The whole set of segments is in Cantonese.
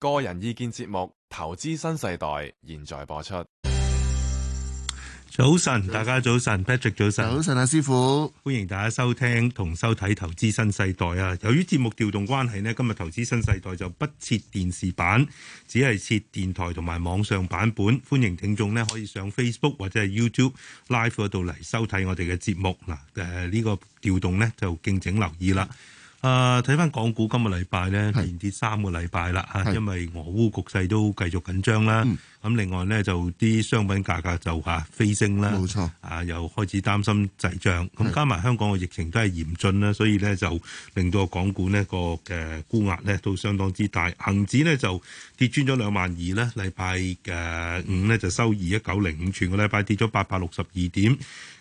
個人意見節目《投資新世代》現在播出。早晨，大家早晨，Patrick 早晨，早晨啊，師傅，歡迎大家收聽同收睇《投資新世代》啊！由於節目調動關係呢，今日《投資新世代》就不設電視版，只係設電台同埋網上版本。歡迎聽眾呢可以上 Facebook 或者係 YouTube Live 嗰度嚟收睇我哋嘅節目嗱。誒，呢個調動呢就敬請留意啦。啊！睇翻港股今日禮拜咧，連跌三個禮拜啦，嚇，是的 因為俄烏局勢都繼續緊張啦。咁的、嗯、另外呢，就啲商品價格就嚇飛升啦，冇、嗯、錯啊，又開始擔心滯脹。咁是的 加埋香港嘅疫情都係嚴峻啦，所以呢，就令到港股咧個嘅沽壓咧都相當之大。恒指呢就跌穿咗兩萬二咧，禮拜嘅五呢就收二一九零五，全個禮拜跌咗八百六十二點。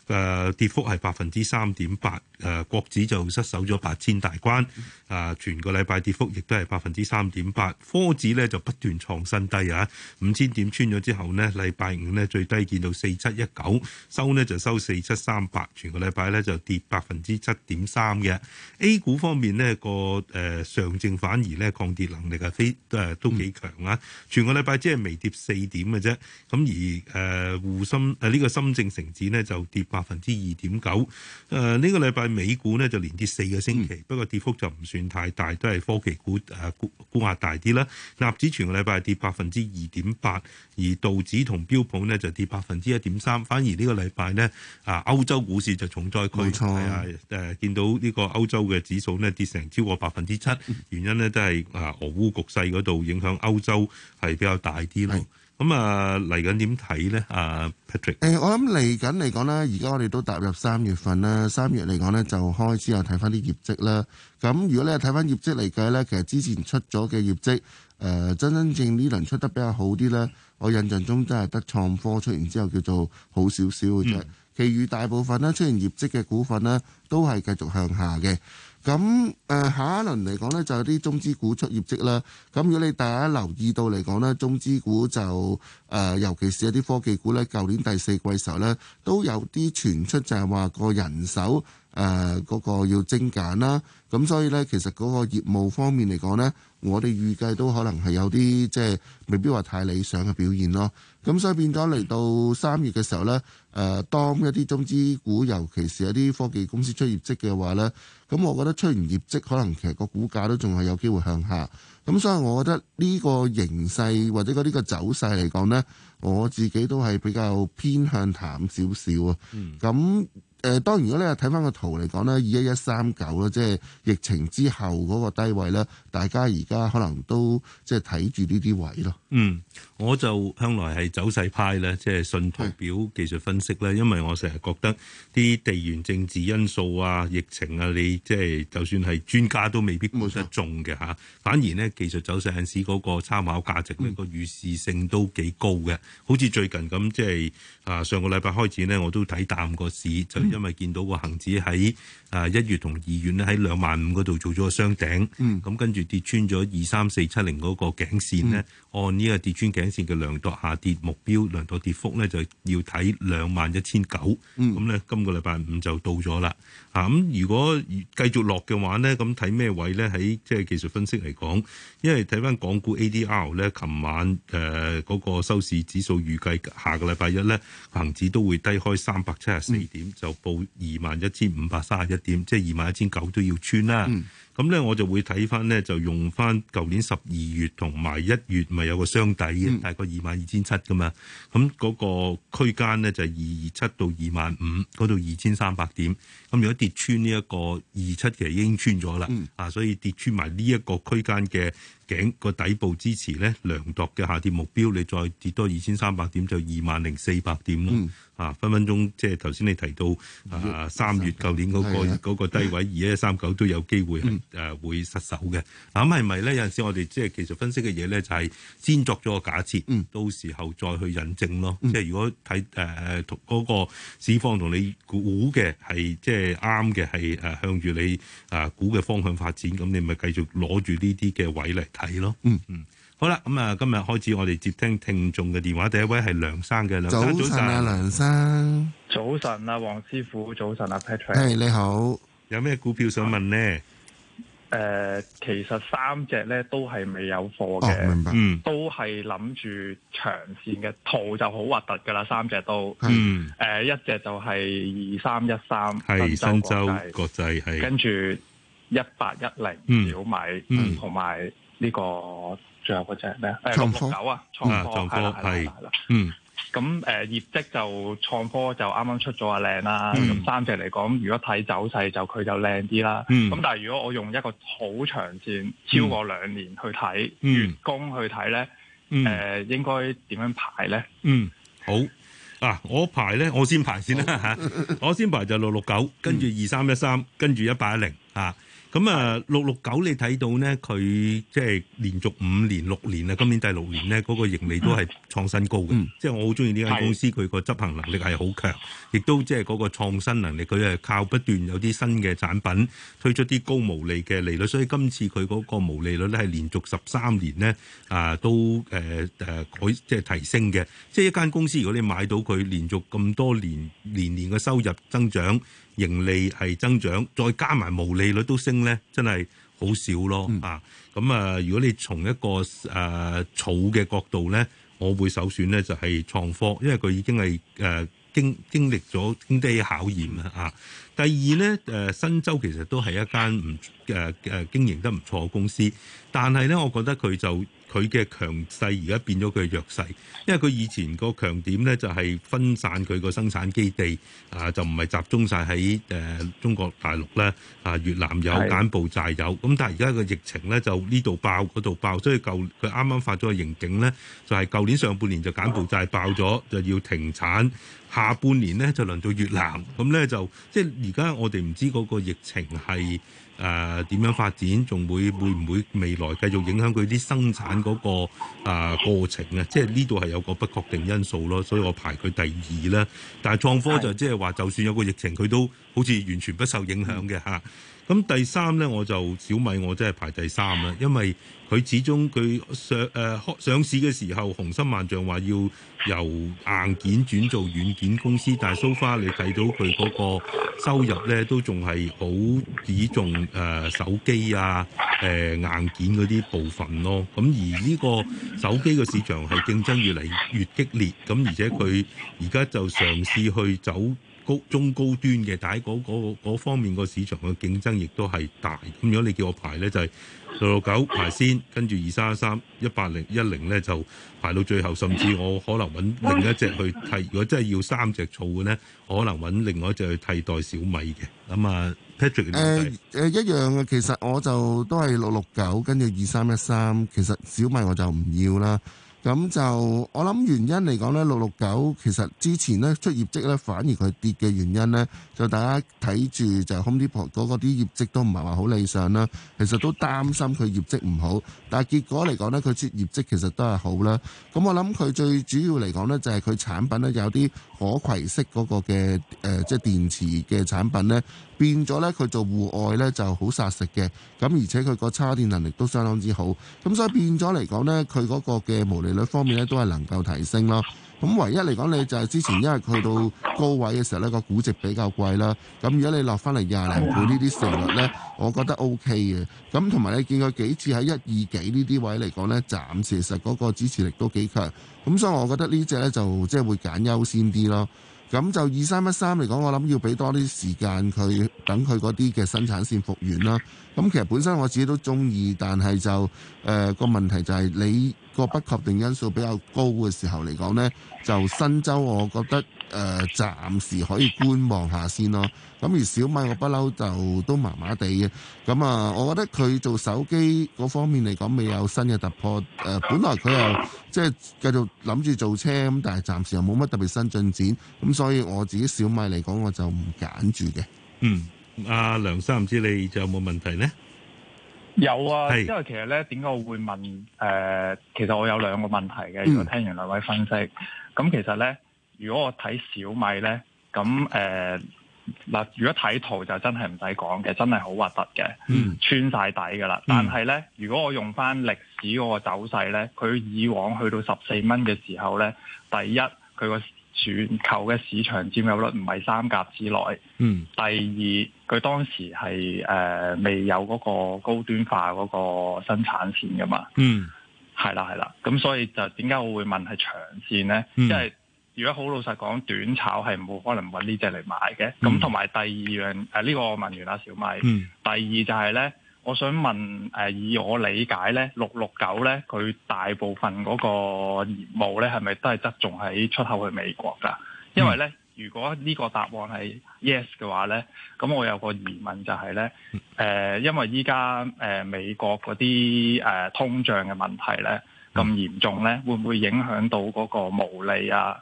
誒跌幅係百分之三點八，誒國指就失守咗八千大關，誒全個禮拜跌幅亦都係百分之三點八，科指呢就不斷創新低啊，五千點穿咗之後呢，禮拜五呢最低見到四七一九，收呢就收四七三八，全個禮拜呢就跌百分之七點三嘅。A 股方面呢個誒上證反而呢抗跌能力係非誒都幾強啊、嗯，全個禮拜只係微跌四點嘅啫，咁而誒滬深誒、啊、呢個深證成指呢就跌八百分之二點九，誒呢、呃這個禮拜美股呢就連跌四個星期，嗯、不過跌幅就唔算太大，都係科技股誒沽沽壓大啲啦。納指全個禮拜跌百分之二點八，而道指同標普呢就跌百分之一點三。反而呢個禮拜呢，啊、呃，歐洲股市就重災區，冇錯、啊，誒、呃呃、見到個歐呢個歐洲嘅指數呢跌成超過百分之七，原因呢都係啊、呃、俄烏局勢嗰度影響歐洲係比較大啲咯。咁啊，嚟緊點睇呢？啊 Patrick，誒、欸，我諗嚟緊嚟講咧，而家我哋都踏入三月份啦。三月嚟講呢，就開始有睇翻啲業績啦。咁如果你係睇翻業績嚟計呢，其實之前出咗嘅業績誒、呃，真真正呢輪出得比較好啲呢，我印象中真係得創科出完之後叫做好少少嘅啫。嗯、其餘大部分咧，出現業績嘅股份呢，都係繼續向下嘅。咁誒、呃、下一輪嚟講呢，就有啲中資股出業績啦。咁如果你大家留意到嚟講呢，中資股就誒、呃，尤其是一啲科技股呢，舊年第四季時候呢，都有啲傳出就係話個人手誒嗰、呃那個要精簡啦。咁所以呢，其實嗰個業務方面嚟講呢，我哋預計都可能係有啲即係未必話太理想嘅表現咯。咁所以變咗嚟到三月嘅時候呢，誒、呃、當一啲中資股，尤其是一啲科技公司出業績嘅話呢，咁我覺得出完業績，可能其實個股價都仲係有機會向下。咁所以，我覺得呢個形勢或者嗰啲個走勢嚟講呢，我自己都係比較偏向淡少少啊。咁誒、嗯呃，當然如果你睇翻個圖嚟講呢，二一一三九咧，即係疫情之後嗰個低位呢，大家而家可能都即係睇住呢啲位咯。嗯。我就向來係走勢派咧，即、就、係、是、信圖表技術分析咧。是因為我成日覺得啲地緣政治因素啊、疫情啊，你即係就算係專家都未必估得中嘅嚇。錯反而呢，技術走勢陣時嗰個參考價值呢，個預視性都幾高嘅。嗯、好似最近咁，即係啊上個禮拜開始呢，我都睇淡個市，嗯、就因為見到個恒指喺啊一月同二月呢，喺兩萬五嗰度做咗個雙頂，嗯，咁跟住跌穿咗二三四七零嗰個頸線咧，嗯、按呢個跌穿頸線嘅量度下跌目標量度跌幅咧，就要睇兩萬一千九，咁咧今個禮拜五就到咗啦。咁如果繼續落嘅話呢，咁睇咩位呢？喺即係技術分析嚟講，因為睇翻港股 A D R 呢，琴晚誒嗰個收市指數預計下個禮拜一呢，恒指都會低開三百七十四點，嗯、就報二萬一千五百三十一點，即係二萬一千九都要穿啦。咁呢、嗯，我就會睇翻呢，就用翻舊年十二月同埋一月咪有個雙底，嗯、大概二萬二千七㗎嘛。咁、那、嗰個區間咧就係二二七到二萬五嗰度二千三百點。咁如果跌穿呢一個二七，其實已經穿咗啦，嗯、啊，所以跌穿埋呢一個區間嘅。頸個底部支持咧，量度嘅下跌目標，你再跌多二千三百點就二萬零四百點咯。嚇，分分鐘即係頭先你提到啊，三月舊年嗰個嗰個低位二一三九都有機會誒會失守嘅。咁係咪咧？有陣時我哋即係技術分析嘅嘢咧，就係先作咗個假設，到時候再去引證咯。即係如果睇誒嗰個市況同你估嘅係即係啱嘅，係誒向住你啊估嘅方向發展，咁你咪繼續攞住呢啲嘅位嚟。係咯，嗯嗯，好啦，咁啊，今日開始我哋接聽聽眾嘅電話，第一位係梁生嘅，梁生早晨啊，梁生，早晨啊，黃師傅，早晨啊，Patrick，係你好，有咩股票想問呢？誒，其實三隻咧都係未有貨嘅，明白，嗯，都係諗住長線嘅，圖就好核突㗎喇，三隻都，嗯，誒，一隻就係二三一三，係申洲國際，係跟住一八一零小米，嗯，同埋。呢、這個最後嗰隻係咩？誒，六六九啊，創科係啦，嗯。咁誒，業績就創科就啱啱出咗啊靚啦。咁、嗯、三隻嚟講，如果睇走勢就佢就靚啲啦。咁、嗯、但係如果我用一個好長線超過兩年去睇、嗯、月供去呢，去睇咧，誒、呃、應該點樣排咧？嗯，好啊，我排咧我先排先啦嚇，好 我先排就六六九，跟住二三一三，跟住一八一零嚇。啊咁啊，六六九你睇到咧，佢即係連續五年、六年啊，今年第六年咧，嗰、那個盈利都係創新高嘅，嗯、即係我好中意呢間公司，佢個是執行能力係好強，亦都即係嗰個創新能力，佢係靠不斷有啲新嘅產品推出啲高毛利嘅利率，所以今次佢嗰個毛利率咧係連續十三年咧啊都誒誒改即係提升嘅。即係一間公司，如果你買到佢連續咁多年年年嘅收入增長、盈利係增長，再加埋毛利率都升咧，真係好少咯啊！咁、嗯、啊，如果你從一個誒儲嘅角度咧，我會首選咧就係創科，因為佢已經係誒、呃、經經歷咗經得起考驗啦啊！第二咧誒、呃、新洲其實都係一間唔誒誒經營得唔錯嘅公司，但係咧我覺得佢就。佢嘅強勢而家變咗佢弱勢，因為佢以前個強點呢就係分散佢個生產基地啊，就唔係集中晒喺誒中國大陸咧啊，越南有柬埔寨有，咁是但係而家個疫情呢就呢度爆嗰度爆，所以舊佢啱啱發咗個盈警呢，就係舊年上半年就柬埔寨爆咗就要停產，下半年呢就輪到越南，咁呢，就即係而家我哋唔知嗰個疫情係。誒點、呃、樣發展，仲會會唔會未來繼續影響佢啲生產嗰、那個誒、呃、過程啊？即係呢度係有個不確定因素咯，所以我排佢第二啦。但係創科就即係話，就算有個疫情，佢都好似完全不受影響嘅嚇。的咁第三呢，我就小米，我真係排第三啦，因為佢始終佢上誒、呃、上市嘅時候，雄心萬丈話要由硬件轉做軟件公司，但係 so far 你睇到佢嗰個收入呢都仲係好倚重誒、呃、手機啊、誒、呃、硬件嗰啲部分咯。咁而呢個手機嘅市場係競爭越嚟越激烈，咁而且佢而家就嘗試去走。高中高端嘅，但係嗰嗰方面個市場嘅競爭亦都係大。咁、嗯、如果你叫我排呢，就係六六九排先，跟住二三一三一八零一零呢，就排到最後，甚至我可能揾另一隻去替。如果真係要三隻組嘅呢，我可能揾另外一隻去替代小米嘅。咁啊，Patrick、呃呃、一樣嘅，其實我就都係六六九，跟住二三一三。其實小米我就唔要啦。咁就我諗原因嚟講呢，六六九其實，之前呢出業績呢，反而佢跌嘅原因呢，就大家睇住就 Home Depot 嗰啲業績都唔係話好理想啦。其實都擔心佢業績唔好，但係結果嚟講呢，佢出業績其實都係好啦。咁我諗佢最主要嚟講呢，就係、是、佢產品呢有啲。可攜式嗰個嘅誒、呃，即係電池嘅產品咧，變咗呢佢做戶外呢就好殺食嘅。咁而且佢個叉電能力都相當之好。咁所以變咗嚟講呢，佢嗰個嘅毛利率方面咧，都係能夠提升咯。咁唯一嚟講，你就係之前因為去到高位嘅時候呢、個估值比較貴啦。咁如果你落翻嚟廿零倍呢啲成率呢，我覺得 OK 嘅。咁同埋你見佢幾次喺一二幾呢啲位嚟講呢，暫時其實嗰個支持力都幾強。咁、嗯、所以，我覺得呢隻咧就即係會揀優先啲咯。咁就二三一三嚟講，我諗要俾多啲時間，佢，等佢嗰啲嘅生產線復原啦。咁、嗯、其實本身我自己都中意，但係就誒、呃、個問題、就係，就係你個不確定因素比較高嘅時候嚟講咧，就申洲，我覺得。誒、呃，暫時可以觀望下先咯。咁而小米我不嬲就都麻麻地嘅。咁、嗯、啊，我覺得佢做手機嗰方面嚟講，未有新嘅突破。誒、呃，本來佢又即係、就是、繼續諗住做車，咁但係暫時又冇乜特別新進展。咁、嗯、所以我自己小米嚟講，我就唔揀住嘅。嗯，阿、啊、梁生，唔知你仲有冇問題呢？有啊，是因為其實咧，點解我會問？誒、呃，其實我有兩個問題嘅。嗯。如果聽完兩位分析，咁、嗯、其實咧。如果我睇小米咧，咁誒嗱，如果睇圖就真係唔使講嘅，真係好核突嘅，嗯、穿晒底㗎喇。但係咧，如果我用翻歷史嗰個走勢咧，佢以往去到十四蚊嘅時候咧，第一佢個全球嘅市場佔有率唔係三甲之內。嗯、第二佢當時係誒、呃、未有嗰個高端化嗰個生產線㗎嘛，係啦係啦。咁所以就點解我會問係長線咧？因為、嗯如果好老實講，短炒係冇可能搵呢隻嚟買嘅。咁同埋第二樣誒，呢、啊這個我問完阿小米。嗯、第二就係、是、咧，我想問誒，以我理解咧，六六九咧，佢大部分嗰個業務咧，係咪都係側重喺出口去美國㗎？因為咧，如果呢個答案係 yes 嘅話咧，咁我有個疑問就係、是、咧，誒、呃，因為依家誒美國嗰啲誒通脹嘅問題咧咁嚴重咧，會唔會影響到嗰個毛利啊？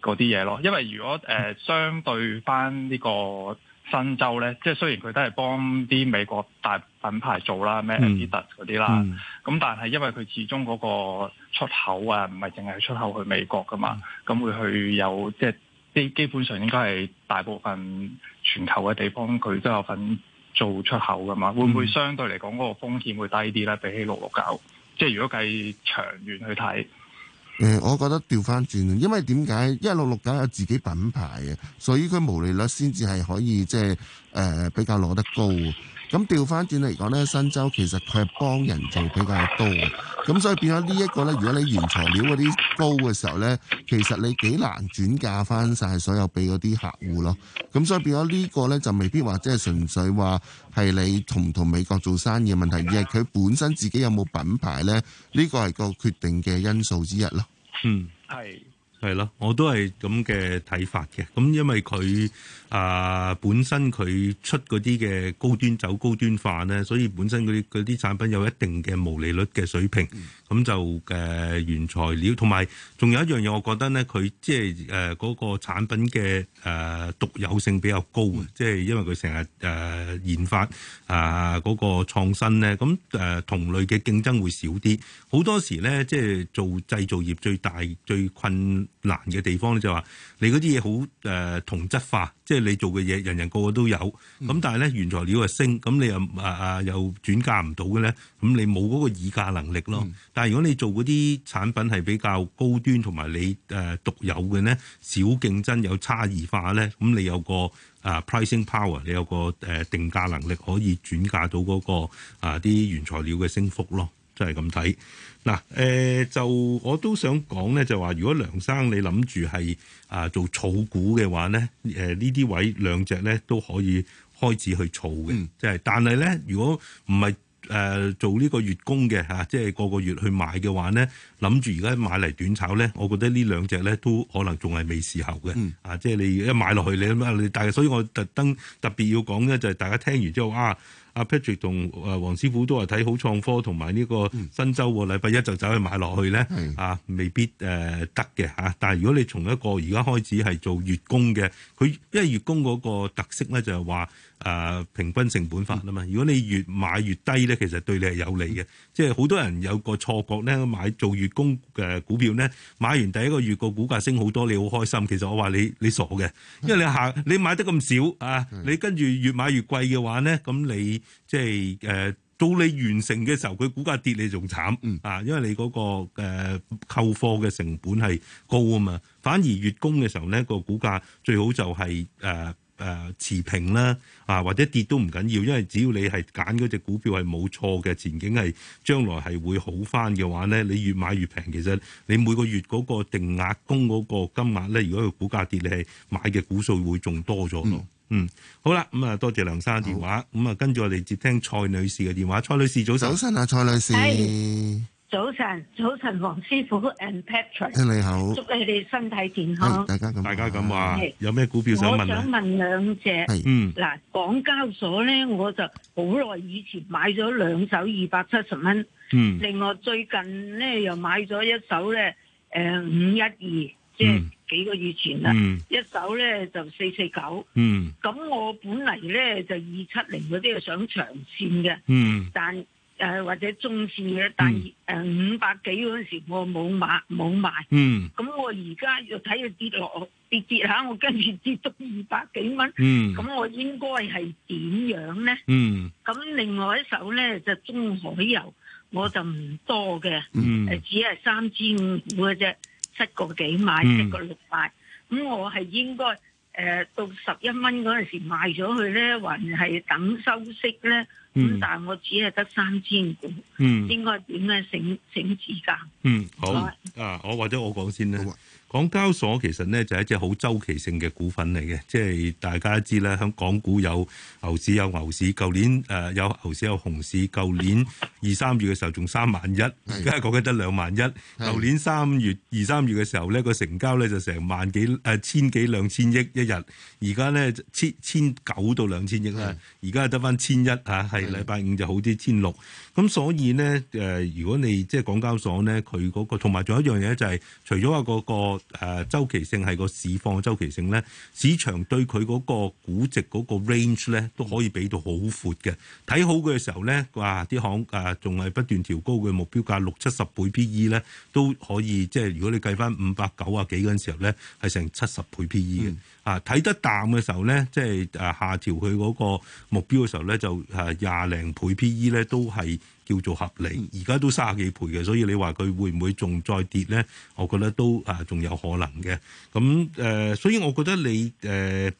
嗰啲嘢咯，因為如果誒、呃、相對翻呢個新州咧，即係雖然佢都係幫啲美國大品牌做啦，咩阿迪達斯嗰啲啦，咁、嗯嗯、但係因為佢始終嗰個出口啊，唔係淨係出口去美國噶嘛，咁、嗯、會去有即係基基本上應該係大部分全球嘅地方佢都有份做出口噶嘛，會唔會相對嚟講嗰個風險會低啲咧？比起六六九，即係如果計長遠去睇。誒、嗯，我覺得調翻轉，因為點解一六六九有自己品牌嘅，所以佢毛利率先至係可以即係誒比較攞得高。咁調翻轉嚟講呢，新洲其實佢係幫人做比較多，咁所以變咗呢一個呢，如果你原材料嗰啲高嘅時候呢，其實你幾難轉嫁翻晒所有俾嗰啲客戶咯。咁所以變咗呢個呢，就未必話即係純粹話係你同唔同美國做生意嘅問題，而係佢本身自己有冇品牌呢。呢個係個決定嘅因素之一咯。嗯，係。係咯，我都係咁嘅睇法嘅。咁因為佢啊、呃、本身佢出嗰啲嘅高端酒高端化咧，所以本身嗰啲啲產品有一定嘅毛利率嘅水平，咁、嗯、就嘅、呃、原材料同埋仲有一樣嘢，我覺得咧佢即係誒嗰個產品嘅誒獨有性比較高，即係、嗯、因為佢成日誒研發啊嗰、呃嗰個創新咧，咁、嗯、誒、呃、同類嘅競爭會少啲。好多時咧，即、就、係、是、做製造業最大，最大，最困難嘅地方咧就話，你嗰啲嘢好誒同質化，即係你做嘅嘢人人個個都有，咁、嗯、但係咧原材料啊升，咁你又啊啊、呃、又轉嫁唔到嘅咧，咁你冇嗰個議價能力咯。但係如果你做嗰啲產品係比較高端同埋你誒、呃、獨有嘅呢，小競爭有差異化咧，咁你有個啊、呃、pricing power，你有個誒、呃、定價能力可以轉嫁到嗰、那個啊啲、呃呃、原材料嘅升幅咯。就係咁睇嗱，誒、呃、就我都想講咧，就話如果梁生你諗住係啊做炒股嘅話咧，誒呢啲位兩隻咧都可以開始去炒嘅，即係。但係咧，如果唔係誒做呢個月供嘅嚇，即係個個月去買嘅話咧，諗住而家買嚟短炒咧，我覺得呢兩隻咧都可能仲係未時候嘅、嗯、啊！即係你一買落去，你咁啊，但係所以我特登特別要講咧，就係、是、大家聽完之後啊。啊阿 Patrick 同誒黃師傅都話睇好創科同埋呢個新週，禮拜一就走去買落去咧，啊，未必誒、呃、得嘅嚇、啊。但係如果你從一個而家開始係做月供嘅，佢因為月供嗰個特色咧，就係、是、話。誒、啊、平均成本法啊嘛，嗯、如果你越買越低咧，其實對你係有利嘅。即係好多人有個錯覺咧，買做月供嘅股票咧，買完第一個月個股價升好多，你好開心。其實我話你你傻嘅，因為你行，你買得咁少啊，你跟住越買越貴嘅話咧，咁你即係誒到你完成嘅時候，佢股價跌你仲慘啊，因為你嗰、那個誒購貨嘅成本係高啊嘛。反而月供嘅時候咧，個股價最好就係、是、誒。呃誒、呃、持平啦，啊或者跌都唔緊要，因為只要你係揀嗰隻股票係冇錯嘅，前景係將來係會好返嘅話咧，你越買越平，其實你每個月嗰個定額供嗰個金額咧，如果個股價跌，你係買嘅股數會仲多咗咯。嗯，嗯，好啦，咁啊多謝梁生電話，咁啊好跟住我哋接聽蔡女士嘅電話。蔡女士早晨。早晨啊蔡女士。早晨，早晨，黃師傅 and Patrick，你好，祝你哋身體健康。大家咁，大家咁話，有咩股票想問啊？我想問兩隻，係，嗯，嗱，港交所咧，我就好耐以前買咗兩手二百七十蚊，嗯，另外最近咧又買咗一手咧，誒五一二，12，即係幾個月前啦，一手咧就四四九，嗯，咁我本嚟咧就二七零嗰啲係想長線嘅，嗯，但誒或者中線嘅，但係誒五百幾嗰陣時我，我冇買冇賣。嗯，咁我而家又睇佢跌落跌跌下，我跟住跌到二百幾蚊。嗯，咁我應該係點樣咧？嗯，咁另外一手咧就中海油，我就唔多嘅。嗯，誒只係三千五股嘅，七個幾買，七個六買。咁、嗯、我係應該誒、呃、到十一蚊嗰陣時賣咗佢咧，還係等收息咧？咁、嗯、但係我只係得三千股，嗯、應該點樣？醒醒智㗎。嗯，好。好吧啊，我或者我講先啦。港交所其實咧就係一隻好周期性嘅股份嚟嘅，即係大家知啦，響港股有牛市有牛市，舊年誒、呃、有牛市有熊市，舊年二三月嘅時候仲三萬一的，而家講緊得兩萬一。舊年三月二三月嘅時候咧，個成交咧就成萬幾誒、啊、千幾兩千億一日，而家咧千千九到兩千億啦。而家得翻千一嚇，係禮拜五就好啲千六。咁所以呢，誒、呃，如果你即係港交所呢，佢嗰、那個同埋仲有一樣嘢就係，除咗話個嗰個。誒，周期性係個市況周期性咧，市場對佢嗰個估值嗰個 range 咧都可以俾到好闊嘅。睇好佢嘅時候咧，哇，啲行誒仲係不斷調高嘅目標價六七十倍 P E 咧，都可以即係如果你計翻五百九啊幾嗰陣時候咧，係成七十倍 P E 嘅。嗯、啊，睇得淡嘅時候咧，即係誒下調佢嗰個目標嘅時候咧，就誒廿零倍 P E 咧都係叫做合理，而家都卅幾倍嘅，所以你話佢會唔會仲再跌咧？我覺得都啊，仲有可能嘅。咁誒、呃，所以我覺得你誒、呃、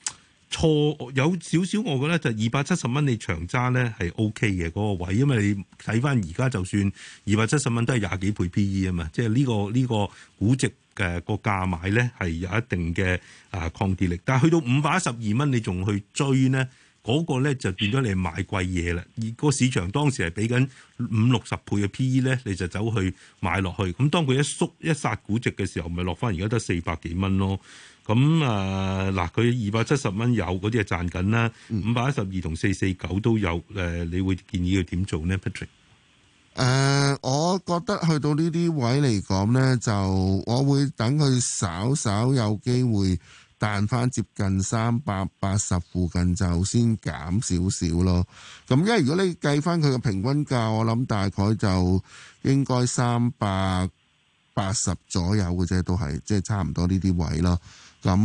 錯有少少，我覺得就二百七十蚊你長揸咧係 O K 嘅嗰個位，因為你睇翻而家就算二百七十蚊都係廿幾倍 P E 啊嘛，即係呢個呢個估值嘅個價買咧係有一定嘅啊抗跌力，但係去到五百一十二蚊你仲去追咧？嗰個咧就變咗你買貴嘢啦，而個市場當時係俾緊五六十倍嘅 P/E 咧，你就走去買落去。咁當佢一縮一殺估值嘅時候，咪落翻而家得四百幾蚊咯。咁啊嗱，佢二百七十蚊有嗰啲係賺緊啦，五百一十二同四四九都有。誒、呃，你會建議佢點做咧，Patrick？誒、呃，我覺得去到呢啲位嚟講咧，就我會等佢稍稍有機會，彈翻接近三百八十附近就先減少少咯，咁因為如果你計翻佢嘅平均價，我諗大概就應該三百八十左右嘅啫，都係即係差唔多呢啲位咯。咁、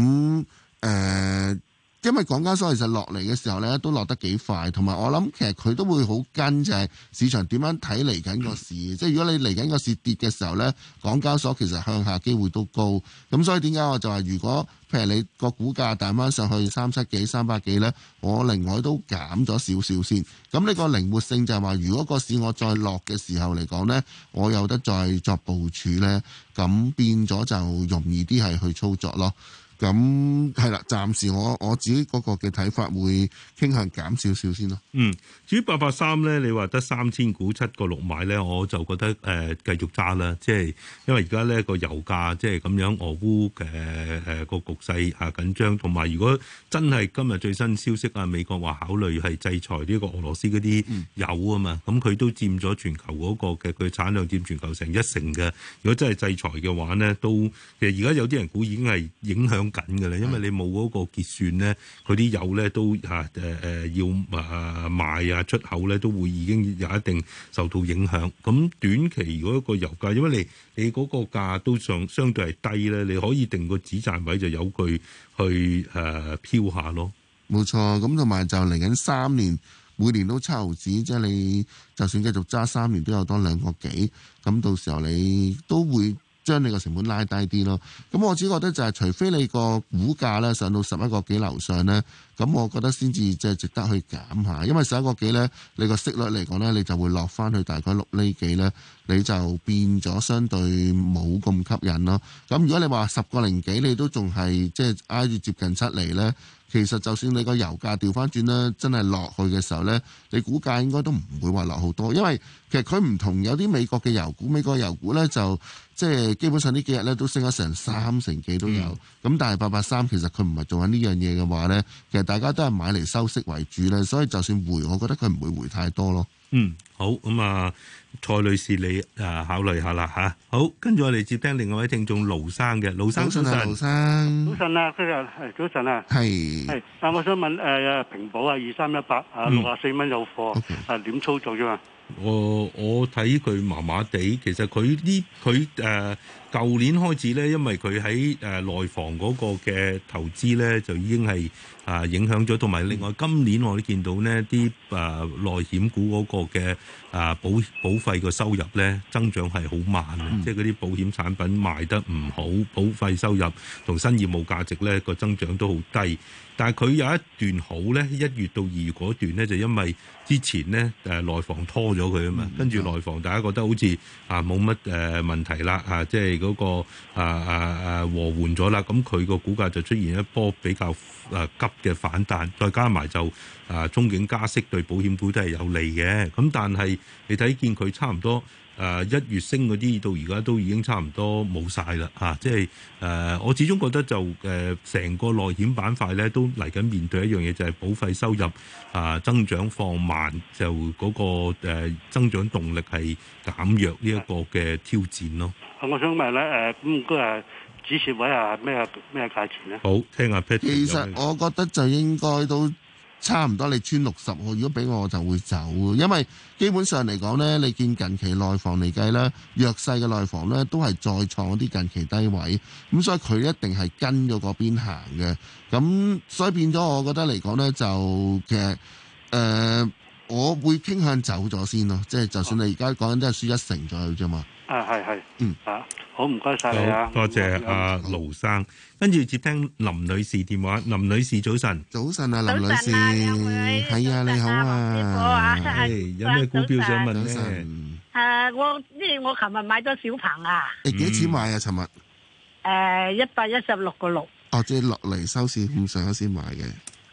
嗯、誒。呃因為港交所其實落嚟嘅時候呢，都落得幾快，同埋我諗其實佢都會好跟，就係市場點樣睇嚟緊個市。即係如果你嚟緊個市跌嘅時候呢，港交所其實向下機會都高。咁所以點解我就話，如果譬如你個股價彈翻上去三七幾、三百幾呢，我另外都減咗少少先。咁呢個靈活性就係話，如果個市我再落嘅時候嚟講呢，我有得再作部署呢。咁變咗就容易啲係去操作咯。咁係啦，暫時我我自己嗰個嘅睇法會傾向減少少先咯。嗯，至於八八三咧，你話得三千股七個六買咧，我就覺得誒、呃、繼續揸啦。即係因為而家咧，個油價即係咁樣俄烏誒誒個局勢啊，緊張，同埋如果真係今日最新消息啊，美國話考慮係制裁呢個俄羅斯嗰啲油啊、嗯、嘛，咁佢都佔咗全球嗰個嘅佢產量佔全球成一成嘅。如果真係制裁嘅話咧，都其實而家有啲人估已經係影響緊㗎喇，因為你冇嗰個結算咧，佢啲油咧都嚇誒誒要啊賣啊出口咧，都會已經有一定受到影響。咁短期如果一個油價，因為你你嗰個價都相相對係低咧，你可以定個止賺位就有句去誒飄下咯。冇錯，咁同埋就嚟緊三年，每年都七毫紙即係、就是、你就算繼續揸三年，都有多兩個幾。咁到時候你都會。將你個成本拉低啲咯，咁我只覺得就係除非你個股價咧上到十一個幾樓上咧，咁我覺得先至即係值得去減下，因為十一個幾咧，你個息率嚟講咧，你就會落翻去大概六厘幾咧，你就變咗相對冇咁吸引咯。咁如果你話十個零幾，你都仲係即係挨住接近七厘咧。其實就算你個油價掉翻轉啦，真係落去嘅時候呢，你股價應該都唔會話落好多，因為其實佢唔同有啲美國嘅油股，美國油股呢，就即係基本上呢幾日呢都升咗成三成幾都有，咁、嗯、但係八八三其實佢唔係做緊呢樣嘢嘅話呢，其實大家都係買嚟收息為主呢。所以就算回，我覺得佢唔會回太多咯。嗯，好，咁、嗯、啊，蔡女士你啊考慮下啦吓、啊。好，跟住我嚟接聽另外一位聽眾盧生嘅。盧生，早晨啊，盧生，早晨啊，今日係早晨啊，係係是。但我想問誒、呃，平保 18, 啊，二三一八啊，六十四蚊有貨啊，點操作啫嘛？我我睇佢麻麻地，其實佢呢佢誒舊年開始呢，因為佢喺誒內房嗰個嘅投資呢，就已經係啊、呃、影響咗，同埋另外今年我都見到呢啲誒內險股嗰個嘅啊、呃、保保費嘅收入呢，增長係好慢嘅、嗯、即係嗰啲保險產品賣得唔好，保費收入同新業務價值呢個增長都好低。但係佢有一段好咧，一月到二月段咧，就因為之前咧誒，內、呃、房拖咗佢啊嘛，嗯、跟住內房大家覺得好似啊冇乜誒問題啦，啊即係嗰個啊啊啊和緩咗啦，咁佢個股價就出現一波比較誒、啊、急嘅反彈，再加埋就啊憧憬加息對保險股都係有利嘅，咁但係你睇見佢差唔多。誒、呃、一月升嗰啲到而家都已經差唔多冇晒啦嚇，即係誒、呃、我始終覺得就誒成、呃、個內險板塊咧都嚟緊面對一樣嘢就係、是、保費收入啊、呃、增長放慢，就嗰、那個、呃、增長動力係減弱呢一個嘅挑戰咯。我想問咧誒咁嗰誒主持人位啊咩咩價錢咧？好，聽下 Patrick 其實我覺得就應該都。差唔多你穿六十號，如果俾我我就會走嘅，因為基本上嚟講呢你見近期內房嚟計咧，弱勢嘅內房呢都係再創啲近期低位，咁所以佢一定係跟咗嗰邊行嘅，咁所以變咗我覺得嚟講呢，就其實誒、呃，我會傾向走咗先咯，即係就算你而家講緊都係輸一成左右啫嘛。啊係係，嗯吓，好唔該晒你啊多謝阿盧生。跟住接聽林女士電話。林女士早晨。早晨啊，林女士係啊，你好啊，有咩股票想問咧？誒，我即係我琴日買咗小鵬啊。誒，幾錢買啊？琴日，誒，一百一十六個六。哦即係落嚟收市咁上下先買嘅？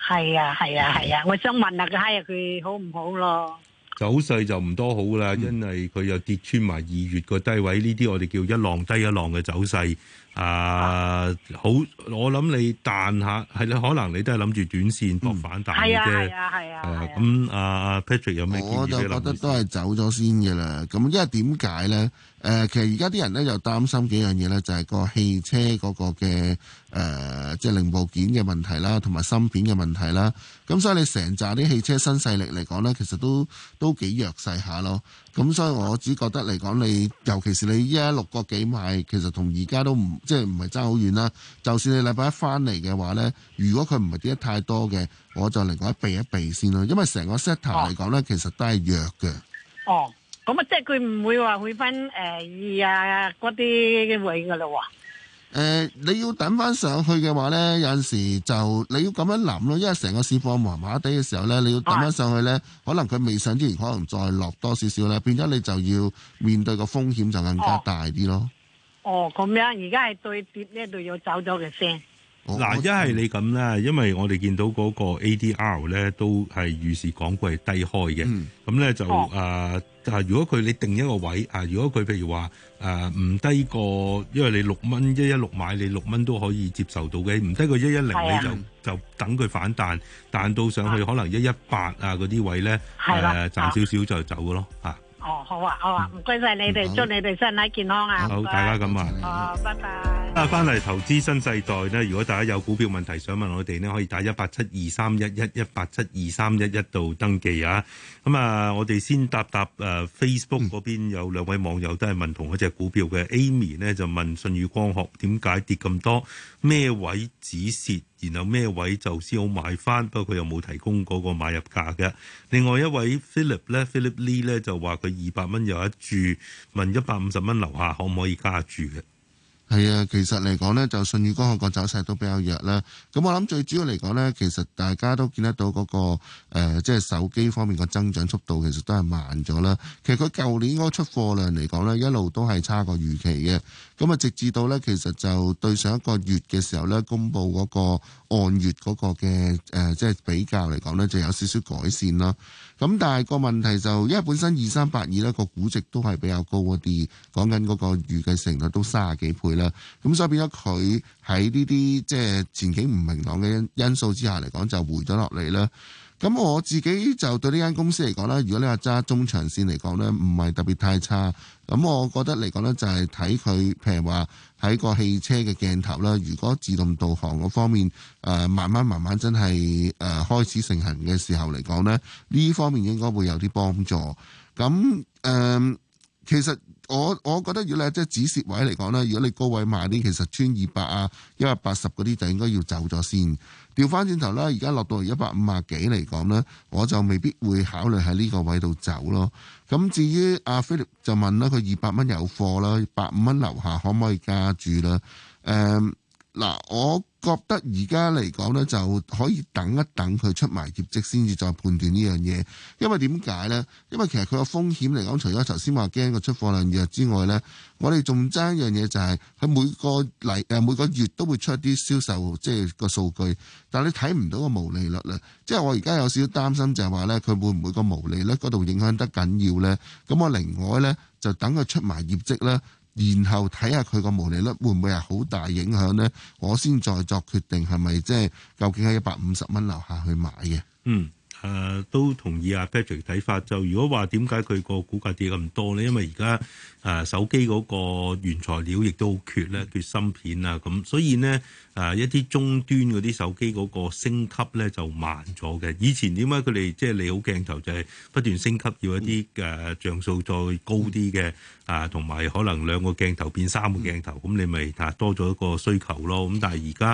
係啊，係啊，係啊，我想問下佢好唔好咯？走勢就唔多好啦，因為佢又跌穿埋二月個低位，呢啲我哋叫一浪低一浪嘅走勢。啊、呃，好，我諗你彈下，係啦，可能你都係諗住短線搏反彈嘅啫。係、嗯、啊，係啊，係啊。咁阿、啊呃、Patrick 有咩建議咧？我就覺得都係走咗先嘅啦。咁因為點解咧？誒、呃，其實而家啲人咧就擔心幾樣嘢咧，就係、是、個汽車嗰個嘅。誒，即係零部件嘅問題啦，同埋芯片嘅問題啦。咁所以你成紮啲汽車新勢力嚟講呢，其實都都幾弱勢下咯。咁所以我只覺得嚟講，你尤其是你依家六個幾買，其實同而家都唔即係唔係爭好遠啦。就算你禮拜一翻嚟嘅話呢，如果佢唔係跌得太多嘅，我就嚟講避一避先咯。因為成個 sector 嚟講呢，其實都係弱嘅。哦。咁啊，即係佢唔會話去翻誒二啊嗰啲位噶啦喎。誒、呃，你要等翻上去嘅話咧，有陣時就你要咁樣諗咯，因為成個市況麻麻地嘅時候咧，你要等翻上去咧，啊、可能佢未上之前，可能再落多少少咧，變咗你就要面對個風險就更加大啲咯、哦。哦，咁樣而家係對跌呢度要走咗嘅先。嗱，一係你咁咧，因為我哋見到嗰個 ADR 咧都係如是講佢係低開嘅。咁咧就誒誒，如果佢你定一個位，啊，如果佢譬如話誒唔低過，因為你六蚊一一六買，你六蚊都可以接受到嘅，唔低過一一零你就就等佢反彈，彈到上去可能一一八啊嗰啲位咧誒賺少少就走嘅咯嚇。哦，好啊，好啊，唔該晒你哋，祝你哋身體健康啊！好，大家咁話，好，拜拜。翻嚟投資新世代咧，如果大家有股票問題想問我哋咧，可以打一八七二三一一一八七二三一一度登記啊。咁啊，我哋先答答誒、呃，Facebook 嗰邊有兩位網友都係問同一隻股票嘅 Amy 呢就問信宇光學點解跌咁多，咩位止蝕，然後咩位就先好買翻，不過佢又冇提供嗰個買入價嘅。另外一位 Philip 呢 Philip Lee 呢，就話佢二百蚊有一注，問一百五十蚊樓下可唔可以加注嘅？係啊，其實嚟講咧，就舜宇光學個走勢都比較弱啦。咁我諗最主要嚟講咧，其實大家都見得到嗰、那個、呃、即係手機方面個增長速度其實都係慢咗啦。其實佢舊年嗰出貨量嚟講咧，一路都係差過預期嘅。咁啊，直至到咧，其實就對上一個月嘅時候咧，公布嗰個按月嗰個嘅誒、呃，即係比較嚟講咧，就有少少改善啦。咁但係個問題就，因為本身二三八二咧，個估值都係比較高一啲，講緊嗰個預計成率都三十幾倍啦，咁所以變咗佢喺呢啲即係前景唔明朗嘅因素之下嚟講，就回咗落嚟啦。咁我自己就對呢間公司嚟講咧，如果你話揸中長線嚟講呢，唔係特別太差。咁我覺得嚟講呢，就係睇佢，譬如話喺個汽車嘅鏡頭啦。如果自動導航嗰方面誒、呃、慢慢慢慢真係誒、呃、開始盛行嘅時候嚟講呢，呢方面應該會有啲幫助。咁誒、呃、其實。我我覺得如果你即係止蝕位嚟講咧，如果你高位買啲，其實穿二百啊、一百八十嗰啲就應該要走咗先。調翻轉頭啦，而家落到嚟一百五啊幾嚟講咧，我就未必會考慮喺呢個位度走咯。咁至於阿 Philip 就問啦，佢二百蚊有貨啦，百五蚊樓下可唔可以加注啦？誒、嗯，嗱我覺得而家嚟講咧，就可以等一等佢出埋業績先至再判斷呢樣嘢，因為點解呢？因為其實佢個風險嚟講，除咗頭先話驚個出貨量弱之外呢，我哋仲爭一樣嘢就係、是、佢每個禮誒、呃、每個月都會出一啲銷售即係、就是、個數據，但係你睇唔到毛會會個毛利率咧，即係我而家有少少擔心就係話呢，佢會唔會個毛利呢嗰度影響得緊要呢？咁我另外呢，就等佢出埋業績呢。然後睇下佢個毛利率會唔會係好大影響咧？我先再作決定係咪即係究竟喺一百五十蚊樓下去買嘅？嗯，誒、呃、都同意阿 Patrick 睇法。就如果話點解佢個股價跌咁多咧？因為而家。誒、啊、手機嗰個原材料亦都缺咧，缺芯片啊，咁所以呢，誒、啊、一啲終端嗰啲手機嗰個升級呢，就慢咗嘅。以前點解佢哋即係你好鏡頭就係不斷升級，要一啲誒、啊、像素再高啲嘅啊，同埋可能兩個鏡頭變三個鏡頭，咁你咪啊多咗一個需求咯。咁但係而家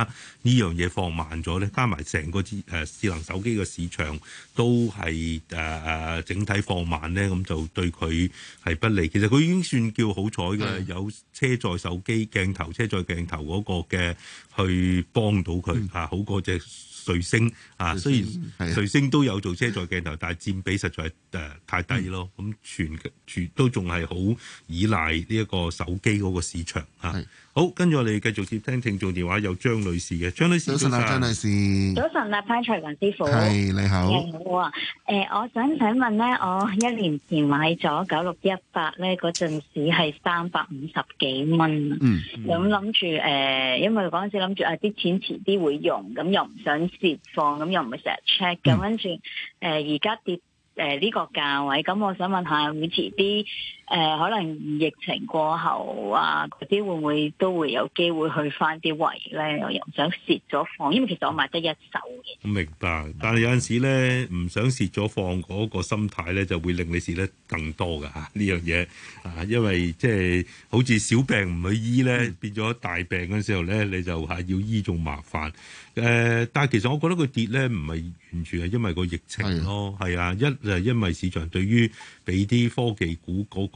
呢樣嘢放慢咗呢，加埋成個智誒智能手機嘅市場都係誒誒整體放慢呢。咁就對佢係不利。其實佢已經。算叫好彩嘅，有車載手機鏡頭、車載鏡頭嗰個嘅，去幫到佢啊，好過隻瑞星啊。雖然瑞星都有做車載鏡頭，但係佔比實在誒太低咯。咁全全，全都仲係好依賴呢一個手機嗰個市場啊。好，跟住我哋繼續接聽聽眾電話，有張女士嘅。張女士，早晨啊，張女士。早晨啊，潘財雲師傅。係你好。你好啊，誒，我想請問咧，我一年前買咗九六一八，咧，嗰陣時係三百五十幾蚊。嗯。咁諗住誒，因為嗰陣時諗住啊，啲錢遲啲會用，咁又唔想蝕放，咁又唔會成日 check，咁跟住誒，而家，嗯呃，跌誒呢個價位，咁我想問下，會遲啲？誒、呃、可能疫情過後啊，嗰啲會唔會都會有機會去翻啲位咧？我又唔想蝕咗放，因為其實我買得一手嘅。我明白，但係有陣時咧，唔想蝕咗放嗰個心態咧，就會令你蝕得更多嘅吓。呢樣嘢啊！因為即係、就是、好似小病唔去醫咧，嗯、變咗大病嗰時候咧，你就嚇要醫仲麻煩誒、呃。但係其實我覺得佢跌咧唔係完全係因為個疫情咯，係啊的，一誒因為市場對於俾啲科技股嗰、那個。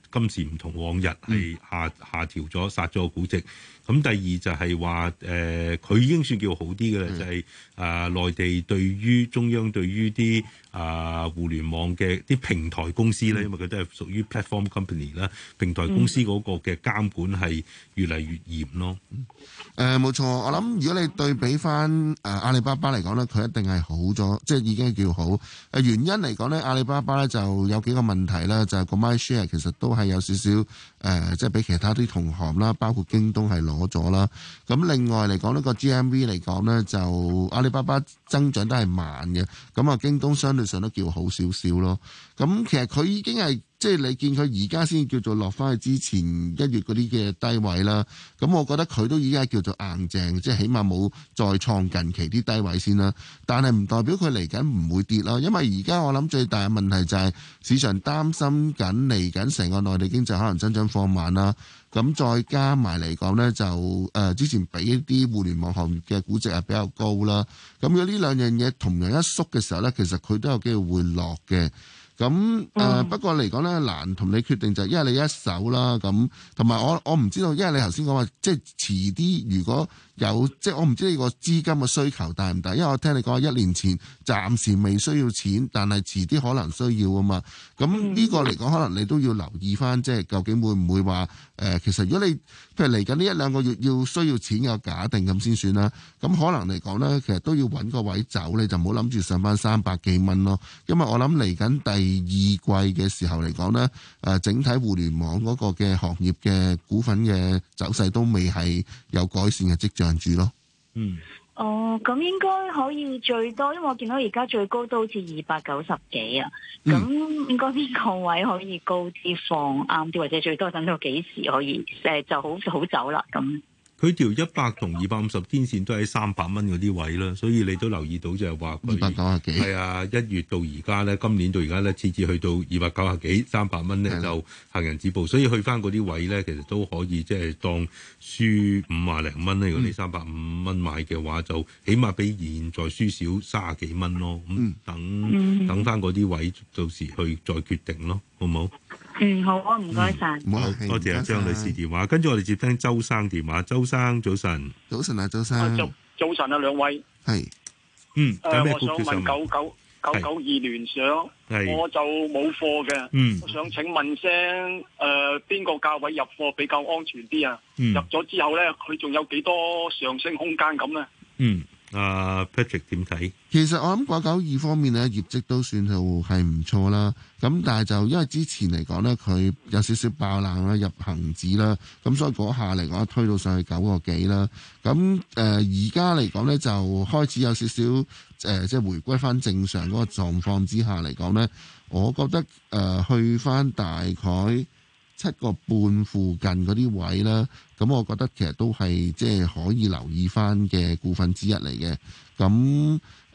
今時唔同往日係下下調咗殺咗個估值，咁第二就係話誒，佢、呃、已經算叫好啲嘅啦，的就係、是、啊、呃，內地對於中央對於啲啊、呃、互聯網嘅啲平台公司咧，因為佢都係屬於 platform company 啦，平台公司嗰個嘅監管係越嚟越嚴咯。誒、呃，冇錯，我諗如果你對比翻誒阿里巴巴嚟講咧，佢一定係好咗，即係已經叫好。誒、呃、原因嚟講咧，阿里巴巴咧就有幾個問題啦，就係、是、個 market share 其實都係。係有少少誒，即係畀其他啲同行啦，包括京東係攞咗啦。咁另外嚟講，呢個 GMV 嚟講呢，就阿里巴巴增長都係慢嘅。咁啊，京東相對上都叫好少少咯。咁其實佢已經係。即係你見佢而家先叫做落翻去之前一月嗰啲嘅低位啦，咁我覺得佢都依家叫做硬淨，即係起碼冇再創近期啲低位先啦。但係唔代表佢嚟緊唔會跌咯，因為而家我諗最大嘅問題就係市場擔心緊嚟緊成個內地經濟可能增長放慢啦。咁再加埋嚟講呢，就、呃、誒之前俾一啲互聯網行業嘅估值係比較高啦。咁佢呢兩樣嘢同樣一縮嘅時候呢，其實佢都有機會會落嘅。咁誒、呃嗯、不過嚟講咧，難同你決定就係因為你一手啦，咁同埋我我唔知道，因為你頭先講話即係遲啲如果。有即係我唔知呢個資金嘅需求大唔大，因為我聽你講一年前暫時未需要錢，但係遲啲可能需要啊嘛。咁呢個嚟講可能你都要留意翻，即係究竟會唔會話，誒、呃，其實如果你譬如嚟緊呢一兩個月要需要錢有假定咁先算啦。咁可能嚟講咧，其實都要揾個位走你就唔好諗住上翻三百幾蚊咯。因為我諗嚟緊第二季嘅時候嚟講咧，誒、呃，整體互聯網嗰個嘅行業嘅股份嘅走勢都未係有改善嘅跡象。住咯，嗯，哦，咁應該可以最多，因為我見到而家最高都好似二百九十幾啊，咁、嗯、應該邊個位可以高啲，放啱啲，或者最多等到幾時可以，誒，就好好走啦咁。佢條一百同二百五十天線都喺三百蚊嗰啲位啦，所以你都留意到就係話，二百九十幾，係啊，一月到而家咧，今年到而家咧，次次去到二百九十幾三百蚊咧就行人止步，所以去翻嗰啲位咧，其實都可以即係當輸五萬零蚊。如果你三百五蚊買嘅話，就起碼比現在輸少三十幾蚊咯。咁、嗯嗯、等等翻嗰啲位到時去再決定咯，好唔好？嗯，好啊，唔該晒。唔好客氣，多謝阿張女士電話。跟住我哋接聽周生電話。周生早晨，早晨啊，早晨。早早晨啊，兩位。係。嗯。誒，我想問九九九九二聯想，我就冇貨嘅。嗯。我想請問聲誒，邊個價位入貨比較安全啲啊？嗯。入咗之後咧，佢仲有幾多上升空間咁咧？嗯。啊，project 點睇？Uh, Patrick，其實我諗九九二方面呢，業績都算到係唔錯啦。咁但係就因為之前嚟講呢，佢有少少爆冷啦，入恒指啦，咁所以嗰下嚟講推到上去九個幾啦。咁誒、呃，而家嚟講呢，就開始有少少誒，即係回歸翻正常嗰個狀況之下嚟講呢，我覺得誒、呃，去翻大概。七個半附近嗰啲位啦，咁我覺得其實都係即係可以留意翻嘅股份之一嚟嘅。咁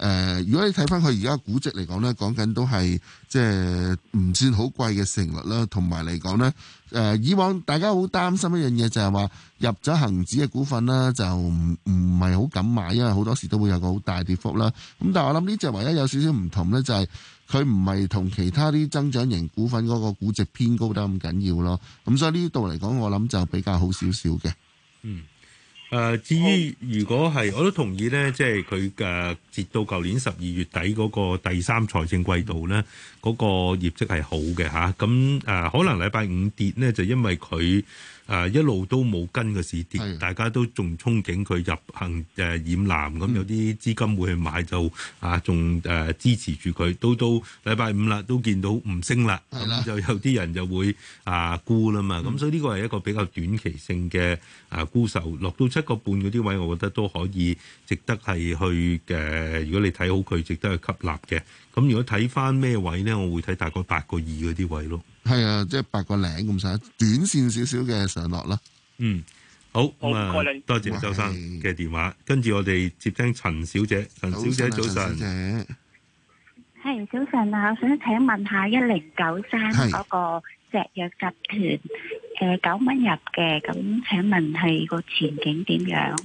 誒，如果你睇翻佢而家估值嚟講呢，講緊都係即係唔算好貴嘅成率啦，同埋嚟講呢，誒，以往大家好擔心一樣嘢就係話入咗恒指嘅股份咧，就唔唔係好敢買，因為好多時都會有個好大跌幅啦。咁但係我諗呢隻唯一有少少唔同呢，就係。佢唔係同其他啲增長型股份嗰個估值偏高得咁緊要咯，咁所以呢度嚟講，我諗就比較好少少嘅。嗯，誒、呃，至於如果係，我都同意咧，即係佢嘅。跌到舊年十二月底嗰個第三財政季度咧，嗰、那個業績係好嘅嚇。咁、啊、誒可能禮拜五跌呢，就因為佢誒、啊、一路都冇跟個市跌，的大家都仲憧憬佢入行誒染藍，咁、呃、有啲資金會去買就啊，仲誒支持住佢。到到禮拜五啦，都見到唔升啦，咁的就有啲人就會啊沽啦嘛。咁的所以呢個係一個比較短期性嘅啊沽售，落到七個半嗰啲位，我覺得都可以值得係去嘅。呃啊啊啊啊 誒，如果你睇好佢，值得去吸納嘅。咁如果睇翻咩位咧？我會睇大概八個二嗰啲位咯。係啊，即係八個零咁細，短綫少少嘅上落啦。嗯，好唔該多謝周生嘅電話。跟住喂我哋接聽陳小姐，陳小姐早晨，啊。係，早晨啊，我想請問一下一零九三嗰個石藥集團，誒、呃，九蚊入嘅，咁請問係個前景點樣？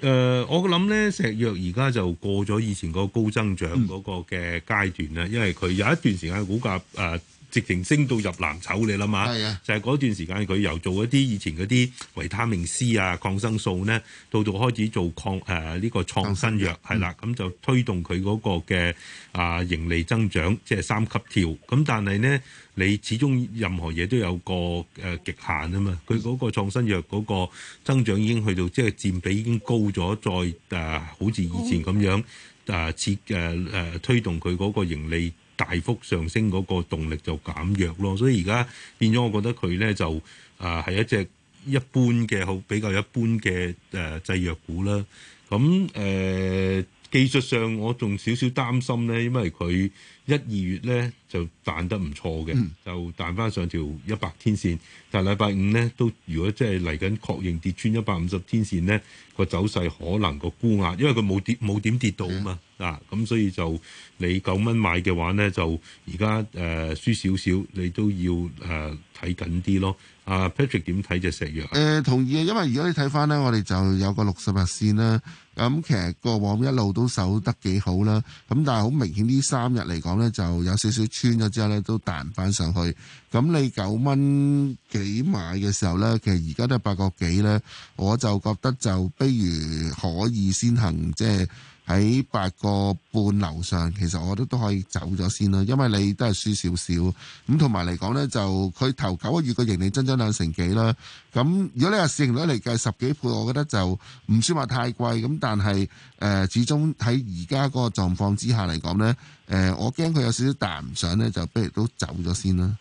誒、呃，我諗咧，石藥而家就過咗以前個高增長嗰個嘅階段啦，嗯、因為佢有一段時間嘅股價誒。呃直情升到入藍籌你啦嘛，就係嗰段時間佢又做一啲以前嗰啲維他命 C 啊抗生素咧，到到開始做創誒呢個創新藥，係啦、嗯，咁就推動佢嗰個嘅啊盈利增長，即係三級跳。咁但係咧，你始終任何嘢都有個誒極、呃、限啊嘛。佢嗰個創新藥嗰個增長已經去到即係佔比已經高咗，再誒、呃、好似以前咁樣誒設誒誒推動佢嗰個盈利。大幅上升嗰個動力就減弱咯，所以而家變咗，我覺得佢呢就誒係、呃、一隻一般嘅好比較一般嘅誒、呃、製藥股啦。咁誒、呃、技術上我仲少少擔心呢，因為佢。一二月咧就彈得唔錯嘅，就彈翻上一條一百天線。但係禮拜五咧，都如果即係嚟緊確認跌穿一百五十天線咧，個走勢可能個沽壓，因為佢冇跌冇點跌到嘛。的啊，咁所以就你九蚊買嘅話咧，就而家誒輸少少，你都要誒睇、呃、緊啲咯。阿、啊、Patrick 點睇隻石藥？誒、呃、同意啊，因為如果你睇翻咧，我哋就有個六十日線啦。咁、嗯、其實過往一路都守得幾好啦。咁但係好明顯呢三日嚟講，咧就有少少穿咗之後咧，都彈翻上去。咁你九蚊幾買嘅時候咧，其實而家都係八個幾咧，我就覺得就不如可以先行即係。喺八個半樓上，其實我覺得都可以走咗先啦，因為你都係輸少少。咁同埋嚟講呢，就佢頭九個月嘅盈利增長兩成幾啦。咁如果你話市盈率嚟計十幾倍，我覺得就唔算話太貴。咁但係誒、呃，始終喺而家個狀況之下嚟講呢，誒、呃，我驚佢有少少彈唔上呢，就不如都走咗先啦。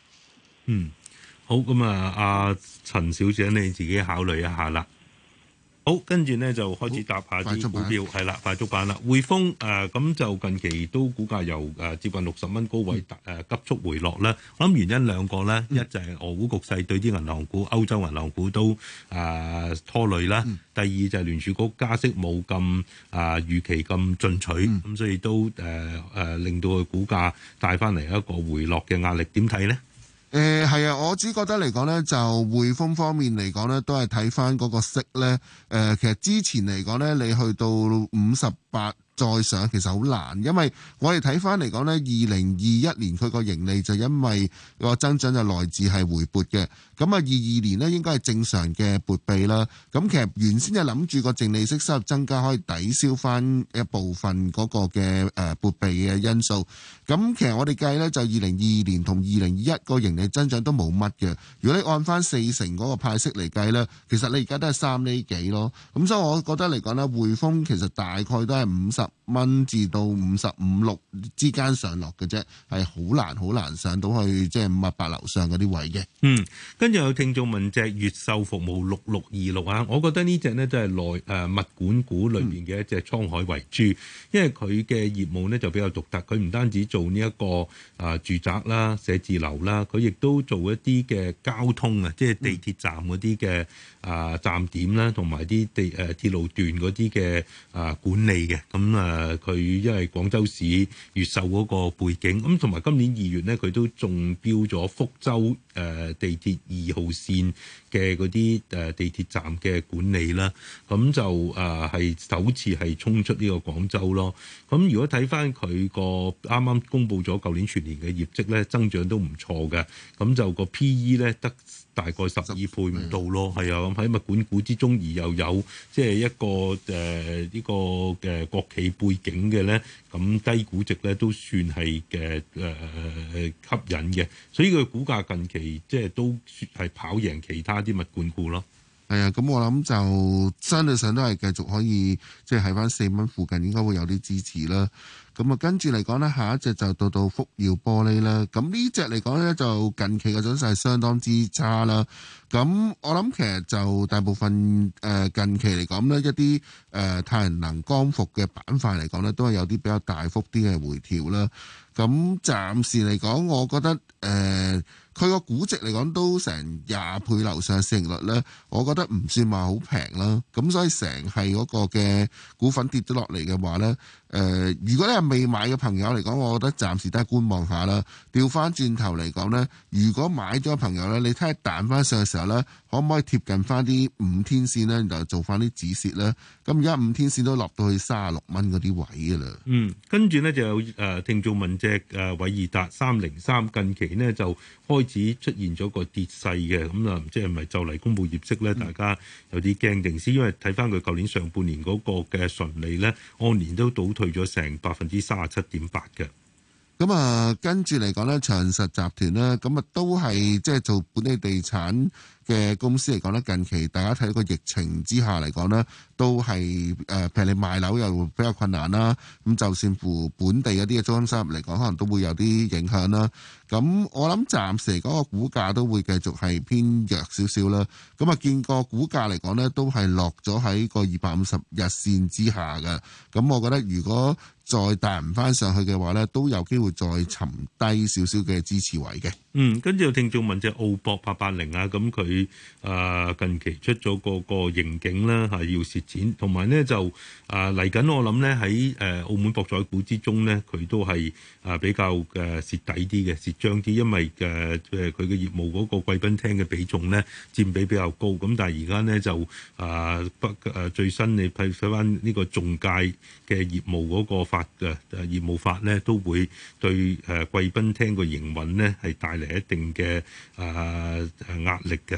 嗯，好。咁啊，阿陳小姐你自己考慮一下啦。好，跟住呢就開始搭下啲股票，係啦，快速版啦。匯豐誒，咁、呃、就近期都股價由誒、呃、接近六十蚊高位誒、嗯啊、急速回落啦。我諗原因兩個咧，嗯、一就係俄烏局勢對啲銀行股、歐洲銀行股都誒、呃、拖累啦。嗯、第二就係聯儲局加息冇咁誒預期咁進取，咁、嗯、所以都誒誒、呃呃、令到佢股價帶翻嚟一個回落嘅壓力。點睇呢？誒係、呃、啊，我只覺得嚟講咧，就匯豐方面嚟講咧，都係睇翻嗰個息咧。誒、呃，其實之前嚟講咧，你去到五十八。再上其實好難，因為我哋睇翻嚟講呢，二零二一年佢個盈利就因為個增長就來自係回撥嘅，咁啊二二年呢，應該係正常嘅撥備啦。咁其實原先就諗住個淨利息收入增加可以抵消翻一部分嗰個嘅誒撥備嘅因素。咁其實我哋計呢，就二零二二年同二零二一個盈利增長都冇乜嘅。如果你按翻四成嗰個派息嚟計呢，其實你而家都係三厘幾咯。咁所以我覺得嚟講呢，匯豐其實大概都係五十蚊至到五十五六之間上落嘅啫，係好難好難上到去即係五八樓上嗰啲位嘅。嗯，跟住有聽眾問隻越秀服務六六二六啊，我覺得呢隻呢就係內誒物管股裏邊嘅一隻滄海遺珠，因為佢嘅業務呢就比較獨特，佢唔單止做呢一個啊住宅啦、寫字樓啦，佢亦都做一啲嘅交通啊，即係地鐵站嗰啲嘅啊站點啦，同埋啲地誒鐵路段嗰啲嘅啊管理嘅咁。啊！佢因為廣州市越秀嗰個背景，咁同埋今年二月呢，佢都中標咗福州誒地鐵二號線。嘅嗰啲誒地鐵站嘅管理啦，咁就誒係、呃、首次係衝出呢個廣州咯。咁如果睇翻佢個啱啱公布咗舊年全年嘅業績咧，增長都唔錯嘅。咁就個 PE 咧得大概十二倍唔到咯。係、嗯、啊，咁喺物管股之中而又有即係一個誒呢、呃、個嘅國企背景嘅咧，咁低估值咧都算係嘅誒誒吸引嘅。所以佢股價近期即係都係跑贏其他。加啲物管股咯，係啊，咁我諗就相對係上都係繼續可以，即係喺翻四蚊附近，應該會有啲支持啦。咁啊，跟住嚟講咧，下一隻就到到福耀玻璃啦。咁呢隻嚟講咧，就近期嘅走勢係相當之差啦。咁我諗其實就大部分誒近期嚟講咧，一啲誒太陽能光伏嘅板塊嚟講咧，都係有啲比較大幅啲嘅回調啦。咁暫時嚟講，我覺得誒。佢個估值嚟講都成廿倍樓上市盈率呢，我覺得唔算話好平啦。咁所以成係嗰個嘅股份跌咗落嚟嘅話呢。誒、呃，如果你係未買嘅朋友嚟講，我覺得暫時都係觀望下啦。調翻轉頭嚟講咧，如果買咗嘅朋友咧，你睇下彈翻上嘅時候咧，可唔可以貼近翻啲五天線咧，然後做翻啲止蝕咧？咁而家五天線都落到去三啊六蚊嗰啲位㗎啦。嗯，跟住咧就有誒聽眾問隻誒偉易達三零三，3，近期呢就開始出現咗個跌勢嘅，咁啊，即係咪就嚟公佈業績咧？大家有啲驚定先，因為睇翻佢舊年上半年嗰個嘅純利咧，按年都倒退咗成百分之三十七點八嘅，咁啊、嗯、跟住嚟講咧長實集團咧，咁、嗯、啊都係即係做本地地產。嘅公司嚟講咧，近期大家睇到個疫情之下嚟講呢都係誒，譬、呃、如你賣樓又比較困難啦。咁就算乎本地一啲嘅租金收入嚟講，可能都會有啲影響啦。咁我諗暫時嗰個股價都會繼續係偏弱少少啦。咁啊，見個股價嚟講呢都係落咗喺個二百五十日線之下嘅。咁我覺得如果再彈唔翻上去嘅話呢都有機會再沉低少少嘅支持位嘅。嗯，跟住有聽眾問就澳博八八零啊，咁佢。啊！近期出咗個個刑警啦，係要蝕錢，同埋咧就啊嚟緊，我諗咧喺誒澳門博彩股之中咧，佢都係啊比較嘅蝕、啊、底啲嘅蝕張啲，因為嘅誒佢嘅業務嗰個貴賓廳嘅比重咧佔比比較高，咁但係而家咧就啊不誒最新你睇睇翻呢個仲介嘅業務嗰個法嘅、啊、業務法咧，都會對誒貴賓廳個營運咧係帶嚟一定嘅啊壓力嘅。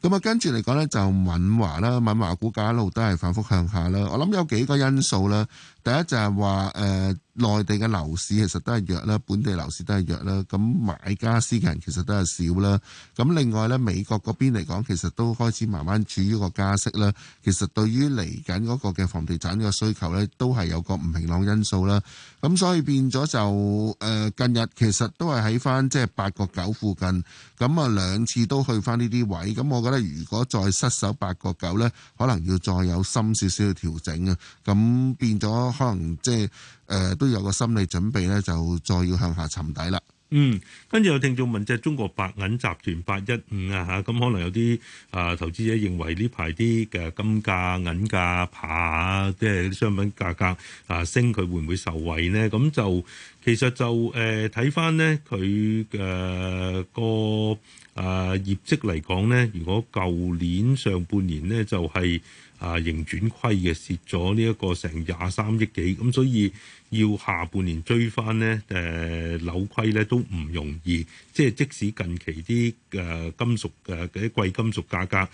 咁啊，跟住嚟講咧，就敏華啦，敏華股價一路都係反覆向下啦。我諗有幾個因素啦，第一就係話誒內地嘅樓市其實都係弱啦，本地樓市都係弱啦，咁買家私嘅人其實都係少啦。咁另外咧，美國嗰邊嚟講，其實都開始慢慢處於個加息啦。其實對於嚟緊嗰個嘅房地產嘅需求咧，都係有個唔明朗因素啦。咁所以變咗就誒，近日其實都係喺翻即係八個九附近，咁啊兩次都去翻呢啲位。咁我覺得如果再失守八個九咧，可能要再有深少少嘅調整啊。咁變咗可能即係。誒都有個心理準備咧，就再要向下沉底啦。嗯，跟住有聽眾問，即係中國白銀集團八一五啊嚇，咁可能有啲啊投資者認為呢排啲嘅金價銀價爬，即係商品價格啊升，佢會唔會受惠呢？咁就其實就誒睇翻呢，佢嘅個啊業績嚟講呢，如果舊年上半年呢，就係、是。啊，盈轉虧嘅蝕咗呢一個成廿三億幾，咁、嗯、所以要下半年追翻咧，誒扭虧咧都唔容易。即係即使近期啲誒、呃、金屬誒啲、呃、貴金屬價格啊、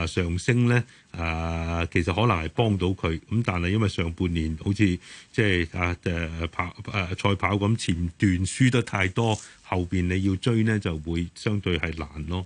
呃、上升咧，啊、呃、其實可能係幫到佢。咁但係因為上半年好似即係啊誒跑誒賽跑咁，前段輸得太多，後邊你要追咧就會相對係難咯。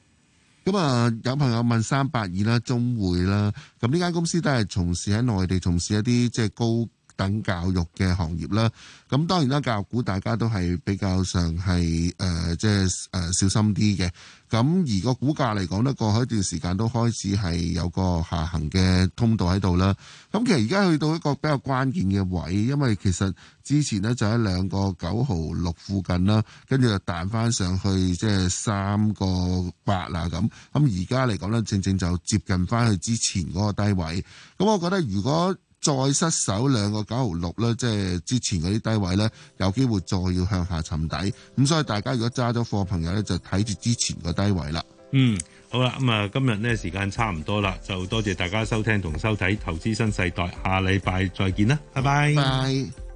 咁啊、嗯，有朋友問三百二啦，中匯啦，咁呢間公司都係從事喺內地從事一啲即係高。等教育嘅行業啦，咁當然啦，教育股大家都係比較上係誒即係誒小心啲嘅。咁而個股價嚟講咧，過去一段時間都開始係有個下行嘅通道喺度啦。咁其實而家去到一個比較關鍵嘅位，因為其實之前咧就喺兩個九毫六附近啦，跟住就彈翻上去即係三個八啦。咁。咁而家嚟講咧，正正就接近翻去之前嗰個低位。咁我覺得如果再失守兩個九毫六咧，即係之前嗰啲低位咧，有機會再要向下沉底。咁所以大家如果揸咗貨朋友咧，就睇住之前個低位啦，嗯。嗯，好啦，咁啊，今日咧時間差唔多啦，就多謝大家收聽同收睇《投資新世代》，下禮拜再見啦，拜拜 bye。Bye bye